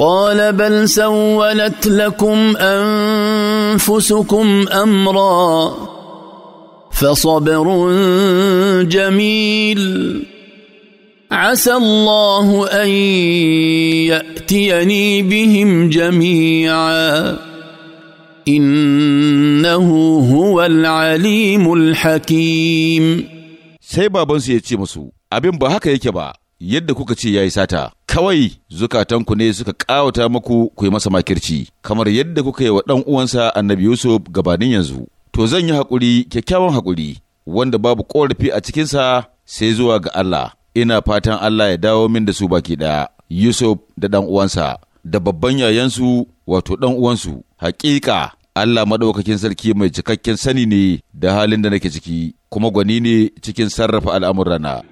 قال بل سولت لكم انفسكم امرا فصبر جميل عسى الله ان ياتيني بهم جميعا انه هو العليم الحكيم sai babansu ya ce musu abin ba haka yake ba yadda kuka ce ya yi sata kawai zukatanku ne suka kawata muku ku yi masa makirci kamar yadda kuka yi wa ɗan uwansa annabi yusuf gabanin yanzu to zan yi haƙuri kyakkyawan haƙuri wanda babu ƙorafi a cikinsa sai zuwa ga allah ina fatan allah ya dawo min da su baki ɗaya yusuf da ɗan uwansa da babban yayansu wato ɗan uwansu haƙiƙa allah maɗaukakin sarki mai cikakken sani ne da halin da nake ciki kuma gwani ne cikin sarrafa al'amurana.